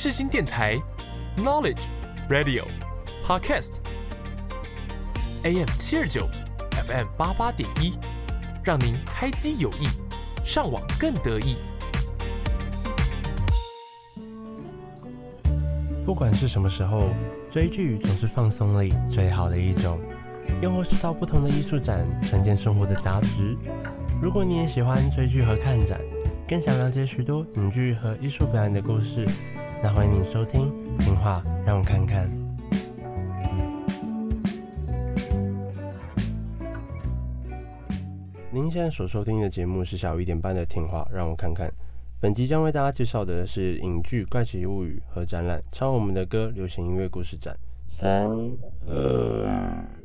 世新電台，Knowledge Radio Podcast，AM 七二九，FM 八八點一，讓您開機有益，上網更得意。不管是什麼時候追劇，總是放鬆裡最好的一種；又或是到不同的藝術展，沉澱生活的價值。如果你也喜歡追劇和看展，更想了解許多影劇和藝術表演的故事。那歡迎您收聽《聽話讓我看看》。您現在所收聽的節目是下午一點半的《聽話讓我看看》。本集將為大家介紹的是影劇《怪奇物語》和展覽《唱我們的歌：流行音樂故事展》。三二。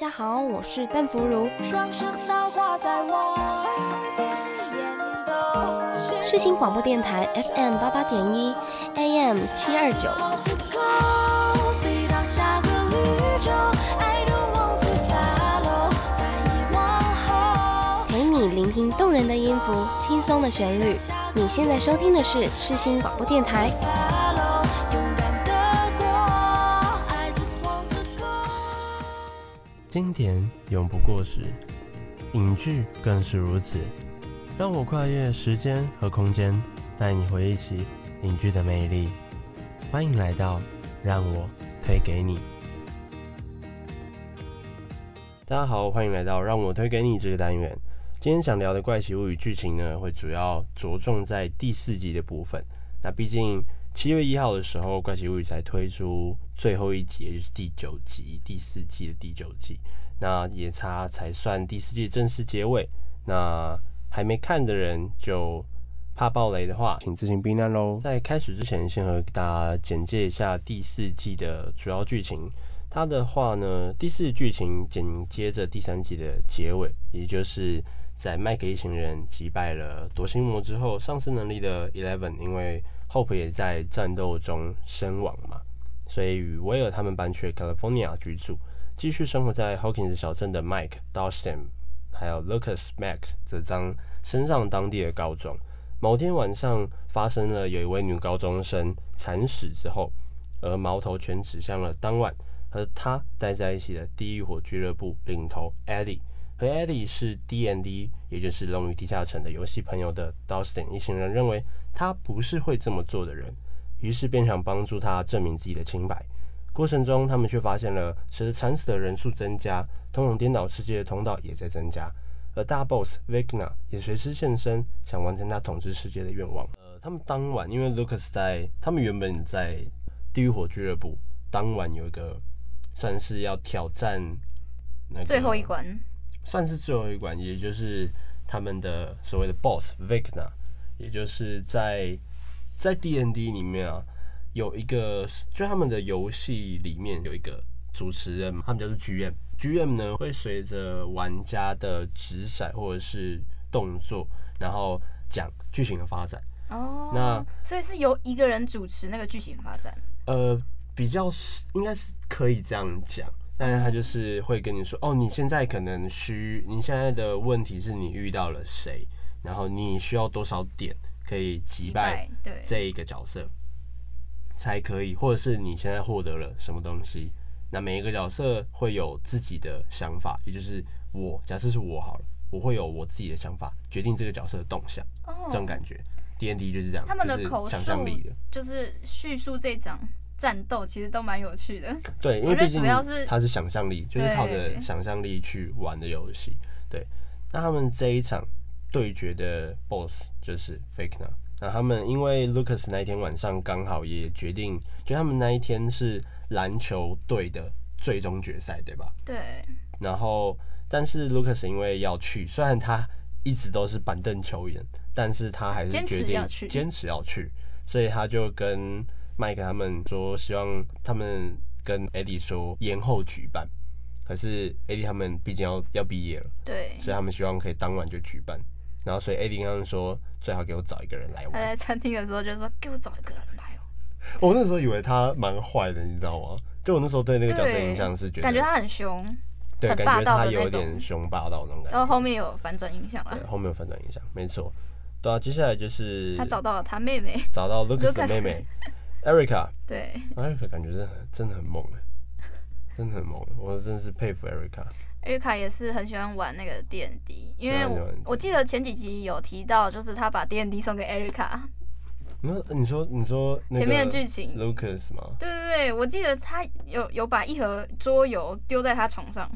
大家好，我是鄧福如。世新廣播電台 FM 八八點一，AM 七二九，陪你聆聽動人的音符，輕鬆的旋律。你現在收聽的是世新廣播電台。經典永不過時，影劇更是如此。讓我跨越時間和空間，帶你回憶起影劇的魅力。歡迎來到讓我推給你。大家好，歡迎來到讓我推給你這個單元。今天想聊的怪奇物語劇情呢，會主要着重在第四季的部分。那畢竟七月一號的時候，怪奇物語才推出最後一集也就是第九集，第四季的第九集，那也差才算第四季正式結尾。那還沒看的人就怕暴雷的話，請自行避難嘍。在開始之前，先和大家簡介一下第四季的主要劇情。它的話呢，第四劇情緊接着第三集的結尾，也就是在麥克一行人擊敗了奪心魔之後，喪失能力的 Eleven 因為 Hope 也在戰鬥中身亡嘛。所以，威爾他們搬去 California 居住，繼續生活在 Hawkins 小鎮的 Mike Dustin，還有 Lucas Max。這張升上當地的高中，某天晚上發生了有一位女高中生慘死之後，而矛頭全指向了當晚和他待在一起的地獄火俱樂部領頭 Eddie。和 Eddie 是 DND，也就是《龍與地下城》的遊戲朋友的 Dustin 一行人認為他不是會這麼做的人。於是便想幫助他證明自己的清白。過程中，他們卻發現了隨着慘死的人數增加，通往顛倒世界的通道也在增加。而大 boss Vecna 也隨之現身，想完成他統治世界的願望。呃，他們當晚因為 Lucas 在他們原本在地獄火俱樂部當晚有一個算是要挑戰那個最後一關，算是最後一關，也就是他們的所謂的 boss Vecna 也就是在。在 D N D 裡面啊，有一個，就他們的遊戲裡面有一個主持人，他們叫做 G M。G M 呢會隨着玩家的擲骰或者是動作，然後講劇情的發展。哦、oh，那所以是由一個人主持那個劇情發展？呃，比較是應該是可以這樣講，但是他就是會跟你說、嗯，哦，你現在可能需，你現在的問題是你遇到了誰，然後你需要多少點。可以擊敗這一個角色，才可以，或者是你現在獲得了什麼東西？那每一個角色會有自己的想法，也就是我，假設是我好了，我會有我自己的想法，決定這個角色的動向。這種感覺，D N D 就是這樣，他們的口述就是敘述這場戰鬥，其實都蠻有趣的。對，因為主要是他是想象力，就是靠着想象力去玩的遊戲。對，那他們這一場。對決的 boss 就是 Vecna 那他們因為 Lucas 那一天晚上剛好也決定，就他們那一天是籃球隊的最終決賽，對吧？對。然後，但是 Lucas 因為要去，雖然他一直都是板凳球員，但是他還是決定要去，堅持要去，所以他就跟 Mike 他們說，希望他們跟 Eddie 說延後舉辦。可是 Eddie 他們畢竟要要畢業了，對，所以他們希望可以當晚就舉辦。然後，所以 Eddie 剛剛說最好給我找一個人來玩。他在餐廳的時候就說，給我找一個人來玩。 我那時候以為他蠻壞的，你知道嗎？就我那時候對那個角色印象是覺得感覺他很兇，對，感覺他，感覺他有點兇霸道那種感覺。然後後面有反轉印象了對，後面有反轉印象，沒錯。對啊，接下來就是他找到了他妹妹，找到 Lucas 的妹妹 Erika 對。對，Erika 感覺是真的很猛哎、欸，真的很猛，我真的是佩服 Erika。艾瑞卡也是很喜歡玩那個 D N D，因為我 我記得前幾集有提到，就是他把 D N D 送給艾瑞卡。你說？你說？你說？前面的劇情？Lucas 嗎？對對對，我記得他有有把一盒桌遊丟在他床上，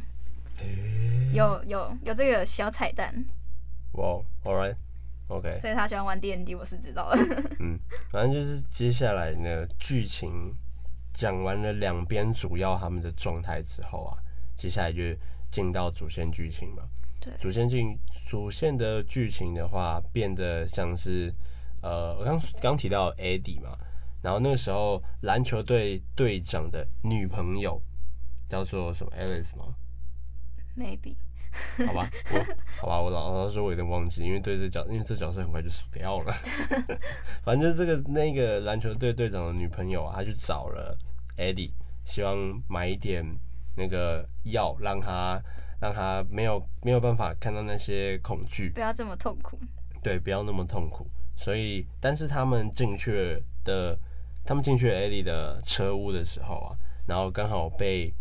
有有有這個小彩蛋。哇，wow，All right，OK，okay。所以他喜歡玩 D N D，我是知道了。 嗯，反正就是接下來呢，劇情講完了，兩邊主要他們的狀態之後啊，接下來就。進到主線劇情嘛？對，主線，進主線的劇情的話，變得像是呃，我剛剛提到艾迪嘛，然後那個時候籃球隊隊長的女朋友叫做什麼 Alice 嗎？Maybe。 好吧，我好吧，我老老實說，我有點忘記，因為對這角，因為這角色很快就死掉了。 反正這個那個籃球隊隊長的女朋友啊，她去找了艾迪，希望買一點。那個藥讓他讓他沒有沒有辦法看到那些恐懼，不要這麼痛苦。對，不要那麼痛苦。所以，但是他們進去的，他們進去艾莉的車屋的時候啊，然後剛好被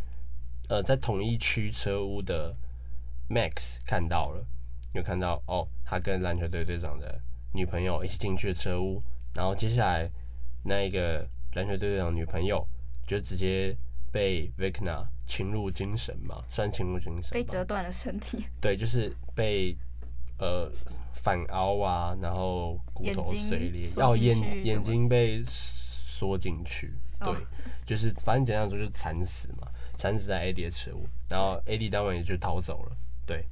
呃在同一區車屋的 Max 看到了，有看到哦，他跟籃球隊隊長的女朋友一起進去的車屋，然後接下來那一個籃球隊隊長女朋友就直接。被 Vecna 侵入精神嘛，算侵入精神。被折斷了身體。對，就是被呃反凹啊，然後骨頭碎裂，要眼睛、哦、眼，眼睛被縮進去。對、哦，就是反正簡單說就是慘死嘛，慘死在 Eddie 的恥辱，然後 Eddie 當晚也就逃走了。對。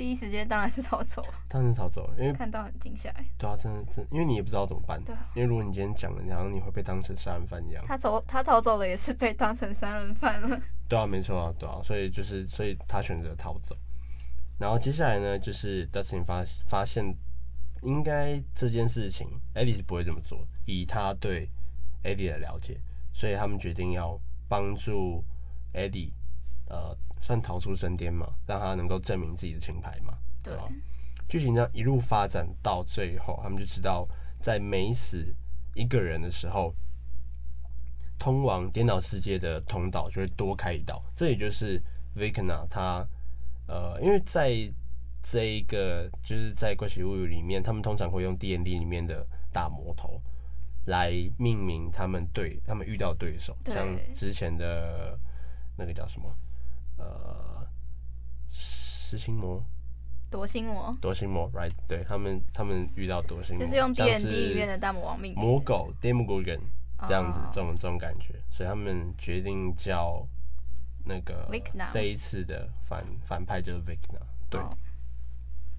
第一時間當然是逃走，當然是逃走，因為看到很驚嚇。對啊，真的真的，因為你也不知道怎麼辦。對啊，因為如果你今天講了，然後你會被當成殺人犯一樣。他走，他逃走了，也是被當成殺人犯了。對啊，沒錯啊，對啊，所以就是，所以他選擇逃走。然後接下來呢，就是 Dustin 發發現，應該這件事情 Eddie 是不會這麼做，以他對 Eddie 的了解，所以他們決定要幫助 Eddie。呃。算逃出生天嘛，讓他能夠證明自己的清白嘛。對，劇情呢一路發展到最後，他們就知道，在每死一個人的時候，通往顛倒世界的通道就會多開一道。這也就是 Vecna 他呃，因為在這一個就是在怪奇物語裡面，他們通常會用 D N D 裡面的大魔頭來命名他們對他們遇到對手對，像之前的那個叫什麼？呃，失心魔，奪心魔，奪心魔，right？對他們，他們，他們遇到奪心魔，就是用 D N D 裡面的“大魔王命”命魔狗 d a m n g o r g o n 這樣子，這種、oh, 這種感覺，所以他們決定叫那個這一次的反、Vickna. 反派就是 Vikna。對，oh.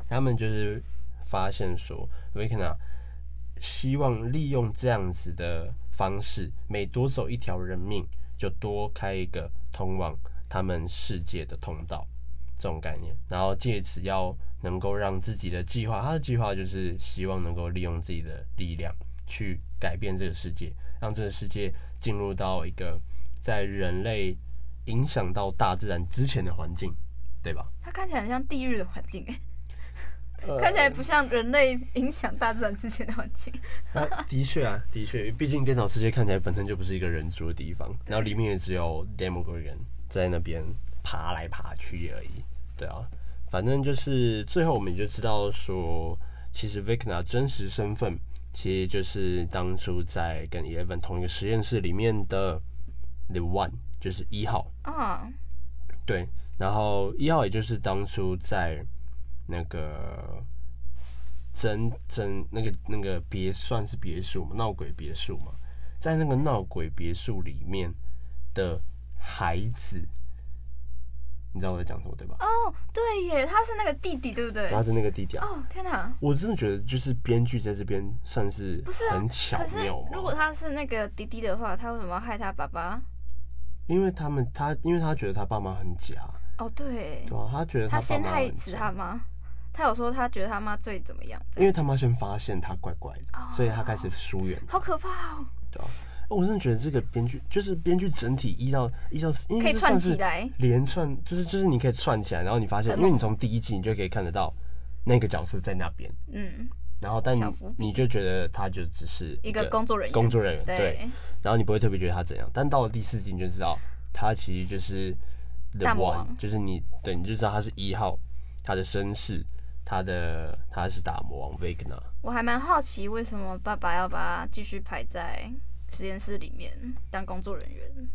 他們就是發現說，Vikna 希望利用這樣子的方式，每奪走一條人命，就多開一個通往。他們世界的通道，這種概念，然後借此要能夠讓自己的計劃，他的計劃就是希望能夠利用自己的力量去改變這個世界，讓這個世界進入到一個在人類影響到大自然之前的環境，對吧？他看起來很像地獄的環境， 看起來不像人類影響大自然之前的環境。 呃、的確啊，的確，畢竟顛倒世界看起來本身就不是一個人住的地方，然後裡面也只有 Demogorgon 在那邊爬來爬去而已，對啊，反正就是最後我們就知道說，其實 Vecna 真實身份其實就是當初在跟 Eleven 同一個實驗室裡面的 The One，就是一號啊。Oh. 對，然後一號也就是當初在那個真真那個那個別算是別墅嘛，鬧鬼別墅嘛，在那個鬧鬼別墅裡面的。孩子，你知道我在講什麼，對吧？哦，oh，對耶，他是那個弟弟，對不對？他是那個弟弟啊！哦，oh，天哪！我真的覺得就是編劇在這邊算是不是很巧妙，啊、如果他是那個弟弟的話，他為什麼要害他爸爸？因為他們他因為他覺得他爸媽很假哦，oh，對對啊，他覺得他媽媽，他先害死他媽，他有說他覺得他媽最怎麼樣？樣，因為他媽先發現他怪怪的，oh，所以他開始疏遠，好可怕哦！對、啊。哦、我真的覺得這個編劇就是編劇整體一到一到四可以串起來，連串就是就是你可以串起來，然後你發現，因為你從第一季你就可以看得到那個角色在那邊，嗯，然後但你你就覺得他就只是個一個工作人員工作人員對，對，然後你不會特別覺得他怎樣，但到了第四季你就知道他其實就是 the one, 大魔王，就是你對你就知道他是一號，他的身世，他的他是大魔王 Vecna。我還蠻好奇為什麼爸爸要把他繼續排在。實驗室裡面當工作人員，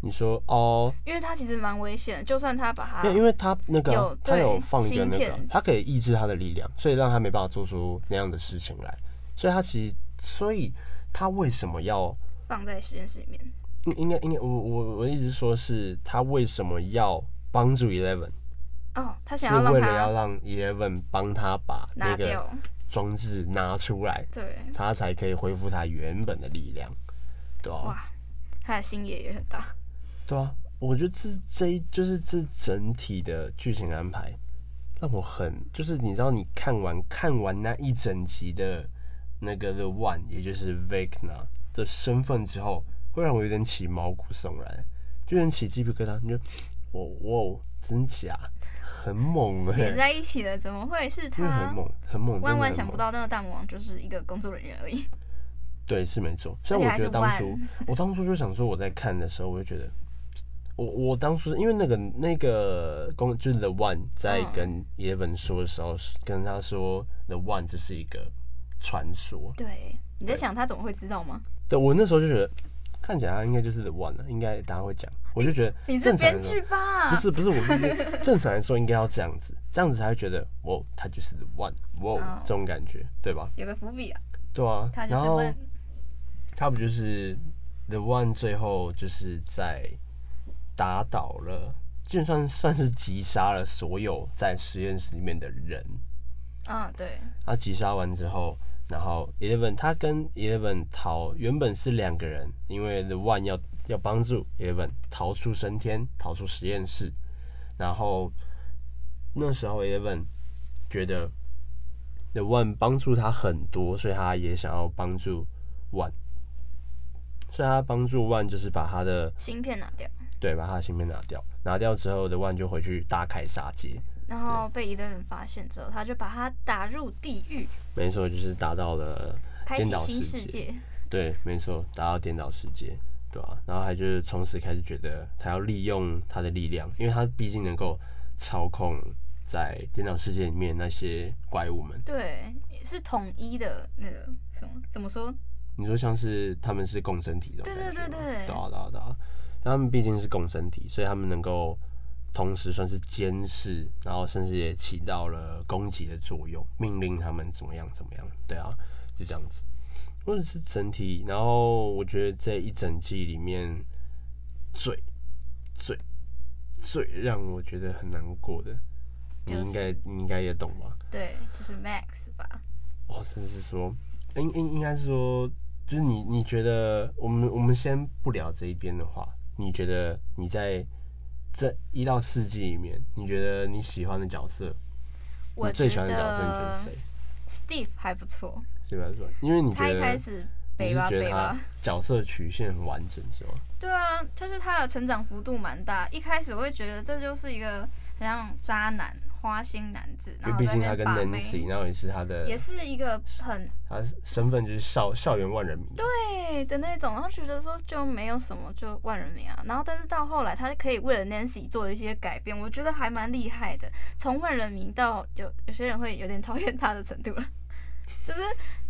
你說哦，因為他其實蠻危險，就算他把他，因為，因為他那個有他有放一個那個，他可以抑制他的力量，所以讓他沒辦法做出那樣的事情來。所以，他其實，所以他為什麼要放在實驗室裡面？應應該應該我我我一直說是他為什麼要幫助 Eleven？哦，他想要讓他是為了要讓 Eleven 幫他把那個裝置拿出來，對，他才可以恢復他原本的力量。哇，他的心也也很大。對啊，我覺得這這一就是這整體的劇情安排，讓我很就是你知道，你看完看完那一整集的那個 The One，也就是 Vecna 的身份之後，會讓我有點起毛骨悚然，就有點起雞皮疙瘩。你就我我真假，很猛、欸，連在一起的怎麼會是他？很猛，很猛，萬萬想不到那個大魔王就是一個工作人員而已。對，是沒錯。所以我覺得當初我當初就想說，我在看的時候，我就覺得，我我當初因為那個那個公就是 The One 在跟葉文說的時候，跟他說 The One 就是一個傳說。對，你在想他怎麼會知道嗎？對，我那時候就覺得，看起來他應該就是 The One 了，啊，應該大家會講。我就覺得，你是編劇吧，不是不是，我是正常來說應該要這樣子，這樣子才會覺得哦，wow，他就是 The One，哦，wow，這種感覺對吧？有個伏筆啊。對啊，他就是他不就是 The One 最後就是在打倒了，就算算是擊殺了所有在實驗室裡面的人。啊，對。他擊殺完之後，然後 Eleven 他跟 Eleven 逃，原本是兩個人，因為 The One 要要幫助 Eleven 逃出生天，逃出實驗室。然後那時候 Eleven 覺得 The One 幫助他很多，所以他也想要幫助 One。所以他幫助萬就是把他的芯片拿掉，對，把他的芯片拿掉，拿掉之後的萬就回去大開殺戒，然後被一個人發現之後，他就把他打入地獄，沒錯，就是打到了顛倒世界，開啟新世界，對，沒錯，打到顛倒世界，對吧、啊？然後還就是從此開始覺得他要利用他的力量，因為他畢竟能夠操控在顛倒世界裡面那些怪物們，對，是統一的那個什麼，怎麼說？你說像是他們是共生體這種感覺嗎？對對對對，對、啊，好、啊啊啊，他們畢竟是共生體，所以他們能夠同時算是監視，然後甚至也起到了攻擊的作用，命令他們怎麼樣怎麼樣，對啊，就這樣子，或者是整體。然後我覺得這一整季裡面最最最讓我覺得很難過的，就是、你應該你應該也懂吧？對，就是 Max 吧。哦，甚至是說，應應應該是說。就是你，你覺得我們我們先不聊這一邊的話，你覺得你在這一到四季裡面，你覺得你喜歡的角色，我最喜歡的角色你覺得誰？Steve 還不錯。對吧，因為你覺得他一開始北巴北巴，你是覺得他角色曲線很完整，是嗎？對啊，就是他的成長幅度蠻大。一開始我會覺得這就是一個很像渣男。花心男子，因為畢竟他跟 Nancy，然後也是他的，也是一個很，他身份就是校校園萬人迷，對的那種，然後覺得說就沒有什麼就萬人迷啊，然後但是到後來他可以為了 Nancy 做一些改變，我覺得還蠻厲害的，從萬人迷到有有些人會有點討厭他的程度了，就是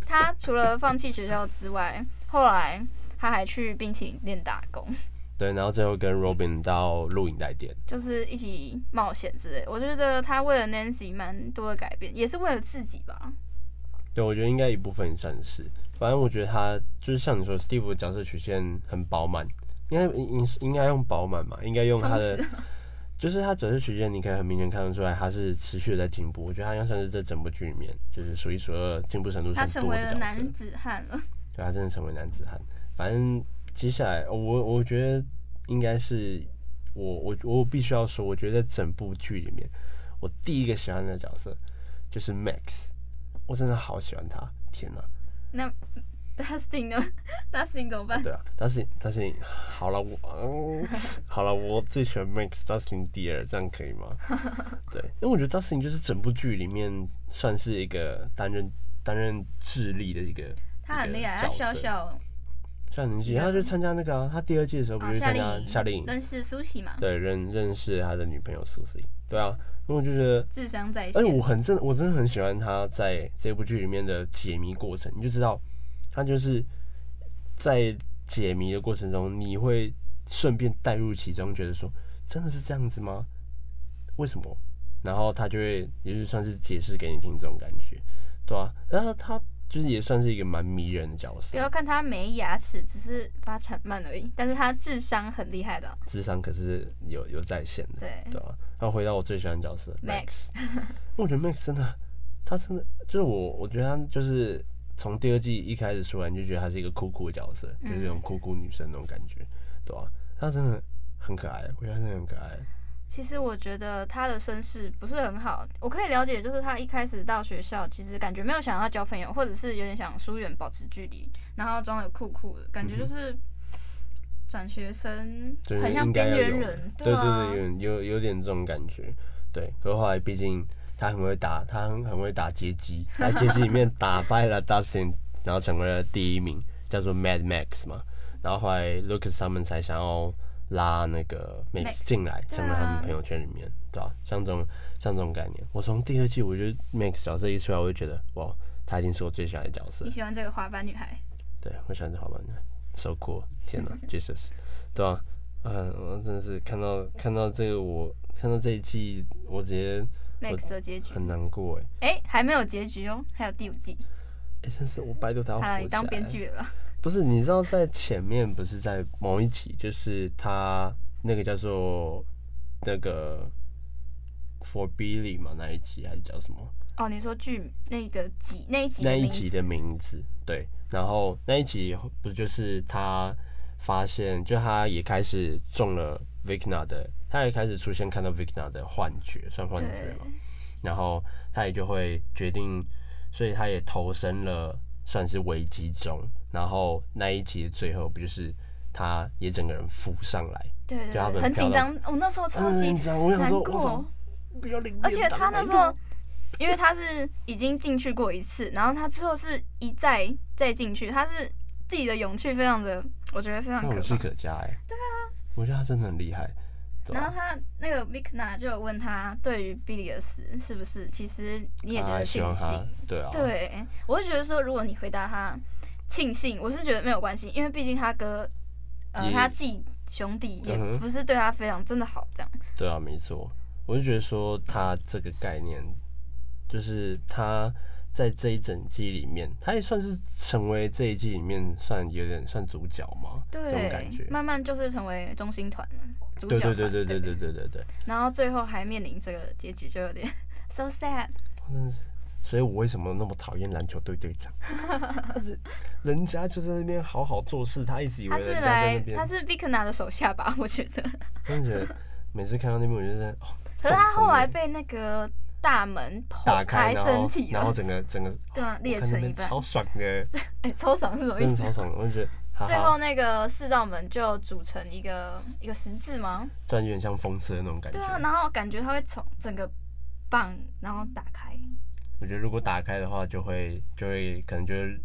他除了放棄學校之外，後來他還去冰淇淋店打工。對，然後最後跟 Robin 到錄影帶店，就是一起冒險之類。我覺得他為了 Nancy 蠻多的改變，也是為了自己吧。對，我覺得應該一部分算是。反正我覺得他就是像你說，Steve 的角色曲線很飽滿，應該應應該用飽滿嘛，應該用他的，就是他整個曲線，你可以很明顯看得出來，他是持續的在進步。我覺得他應該算是這整部劇裡面就是數一數二進步程度多的。他成為了男子漢了。對，他真的成為男子漢。反正。接下來，我我覺得應該是我我我必須要說，我覺得在整部劇裡面，我第一個喜歡的角色就是 Max，我真的好喜歡他，天哪！那 Dustin 呢 ？Dustin 怎麼辦？啊對啊，Dustin，Dustin，Dustin，好了我，嗯、好了我最喜歡 Max，Dustin dear，這樣可以嗎？ 對，因為我覺得 Dustin 就是整部劇裡面算是一個擔任擔任智力的一個，他很厲害，他笑笑。少年劇，他去參加那個、啊，他第二季的時候不就是參加夏令營，認識蘇西嘛？對，認認識他的女朋友蘇西。對啊，因為我就是智商在線。哎、欸，我很真，我真的很喜歡他在這部劇裡面的解謎過程。你就知道，他就是在解謎的過程中，你會順便帶入其中，覺得說真的是這樣子嗎？為什麼？然後他就會，也就算是解釋給你聽，這種感覺，對啊，然後他。就是也算是一個蠻迷人的角色。不要看他沒牙齒，只是發展慢而已，但是他智商很厲害的，哦。智商可是有有在線的，對。對啊。然後回到我最喜歡的角色 Max，Max 我覺得 Max 真的，他真的就是我，我覺得他就是從第二季一開始出來，你就覺得他是一個酷酷的角色，嗯、就是那種酷酷女生那種感覺，對吧，啊？他真的很可愛，我覺得他真的很可愛。其實我覺得他的身世不是很好，我可以了解，就是他一開始到學校，其實感覺沒有想要交朋友，或者是有點想疏遠，保持距離，然後裝的酷酷的，感覺就是轉學生，很像邊緣人，對對對有，有有，有點這種感覺，對。可是後來畢竟他很會打，他很很會打街機，在街機裡面打敗了 Dustin，然後成為了第一名，叫做 Mad Max 嘛，然後後來 Lucas 他們才想要。拉那個 Max 進來，上到他們朋友圈裡面，對吧？啊啊，像這種像這種概念，我從第二季我覺得 Max 角色一出來，我就覺得哇，他一定是我最喜歡的角色。你喜歡這個滑板女孩？對，我喜歡這個滑板女孩，so cool！天哪 ，Jesus！對啊，嗯、呃，我真的是看到看到這個我，我看到這一季，我直接我 Max 的結局很難過誒。還沒有結局哦，還有第五季，欸、真是我拜托他，我當編劇了。不是，你知道在前面不是在某一集，就是他那個叫做那個 For Billy 嘛，那一集還是叫什麼？哦，你說劇那個集那一集那一集的名字，的名字對，然後那一集不就是他發現，就他也開始中了 Vecna 的，他也開始出現看到 Vecna 的幻覺，算幻覺嗎？然後他也就會決定，所以他也投身了。算是危機中，然後那一集的最後不就是他也整個人浮上來？對對，對就他們，很緊張，我、哦、那時候超級緊張，呃，我想說為什麼？而且他那時候， 因為他是已經進去過一次，然後他之後是一再再進去，他是自己的勇氣非常的，我覺得非常可嘉哎、欸。對啊，我覺得他真的很厲害。然後他那個米克納就問他，對於比利的死是不是其實你也覺得慶幸？啊？對啊，對，我是覺得說，如果你回答他慶幸，我是覺得沒有關係，因為畢竟他哥，呃，他繼兄弟也不是對他非常、嗯、真的好，這樣。對啊，沒錯，我就覺得說他這個概念，就是他。在這一整季裡面，他也算是成為這一季裡面算有點算主角嘛？對，這種感覺慢慢就是成為中心團了，主角團，對對對對對對對對，對，對，然後最後還面臨這個結局，就有點 so sad。嗯，所以我為什麼那麼討厭籃球隊隊長？ 是人家就在那邊好好做事，他一直以為在那，他是來，他是 Vecna 的手下吧？我覺得，真的，每次看到那邊，我就在。可是他後來被那個。大門開身體打開，然後然後整個整個對、啊、裂成一半，超爽的！哎 、欸，超爽是什麼意思？超爽！我就覺得 哈哈最後那個四道門就組成一個一個十字嗎？突然有點像風車那種感覺。對啊，然後感覺它會從整個棒然後打開。我覺得如果打開的話就，就會就會可能就是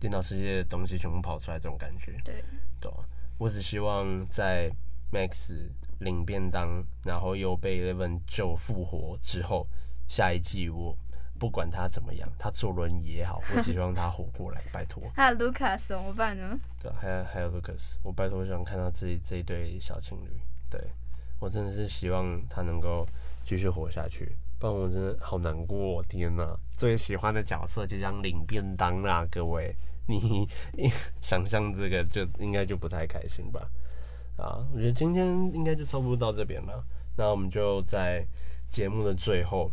電腦世界的東西全部跑出來這種感覺。對，對。嗎？我只希望在 Max 領便當，然後又被 Eleven 救復活之後。下一季我不管他怎麼樣，他坐輪椅也好，我只希望他活過來， 拜託。還有盧卡斯怎麼辦呢？對，還有還有盧卡斯，我拜託，我想看到自己這一對小情侶。對，我真的是希望他能夠繼續活下去，不然我真的好難過，哦，天吶，啊！最喜歡的角色就這樣領便當啦，啊，各位，你 想象這個就應該就不太開心吧？啊，我覺得今天應該就差不多到這邊了，那我們就在節目的最後。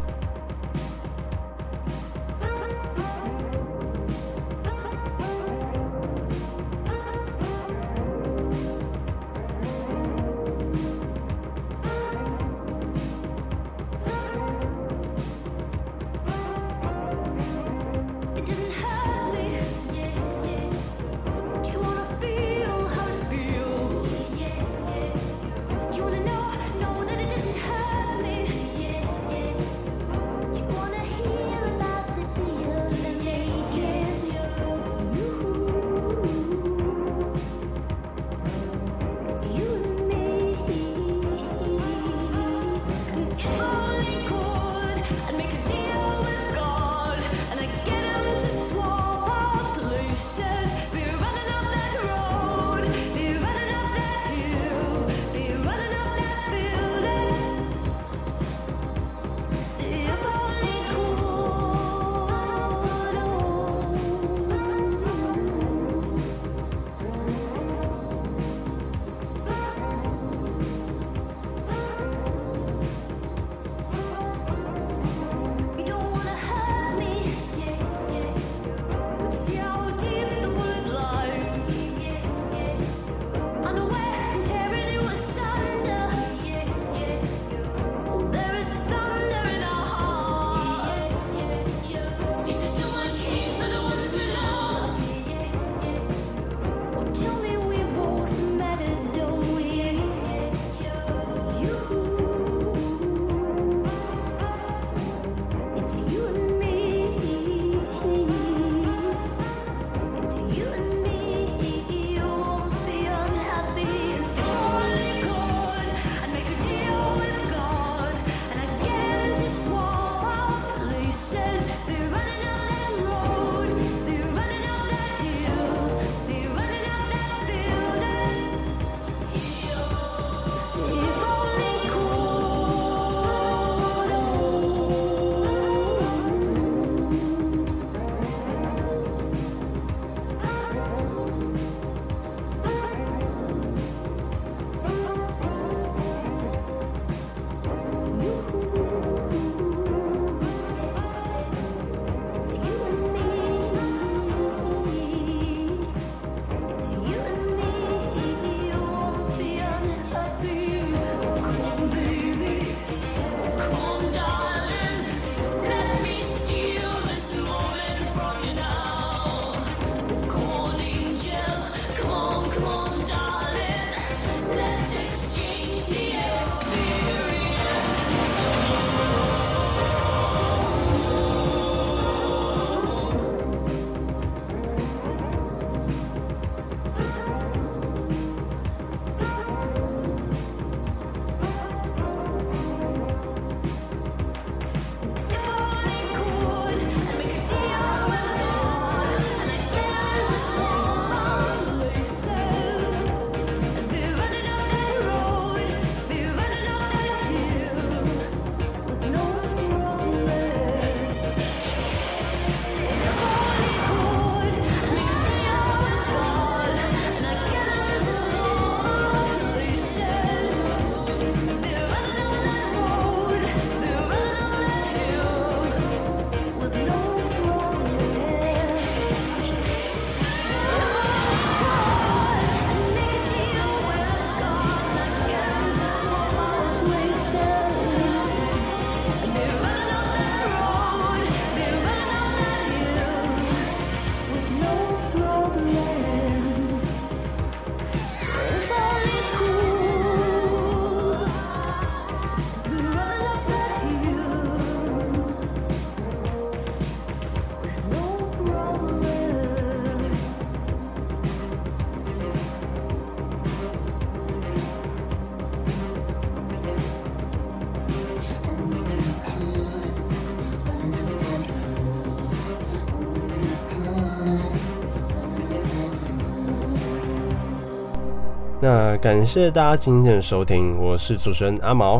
那感謝大家今天的收聽，我是主持人阿毛，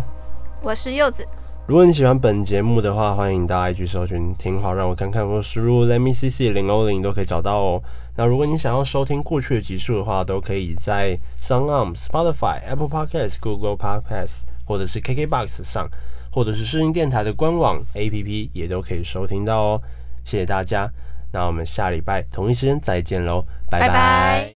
我是柚子。如果你喜歡本節目的話，歡迎大家到 IG 搜尋聽好讓我看看或輸入 “let me see see 零零零”，都可以找到哦。那如果你想要收聽過去的集數的話，都可以在 SoundOn Spotify、Apple Podcasts、Google Podcasts，或者是 KKBox 上，或者是聲音電台的官網 APP 也都可以收聽到哦。謝謝大家，那我們下禮拜同一時間再見嘍，拜拜。拜拜。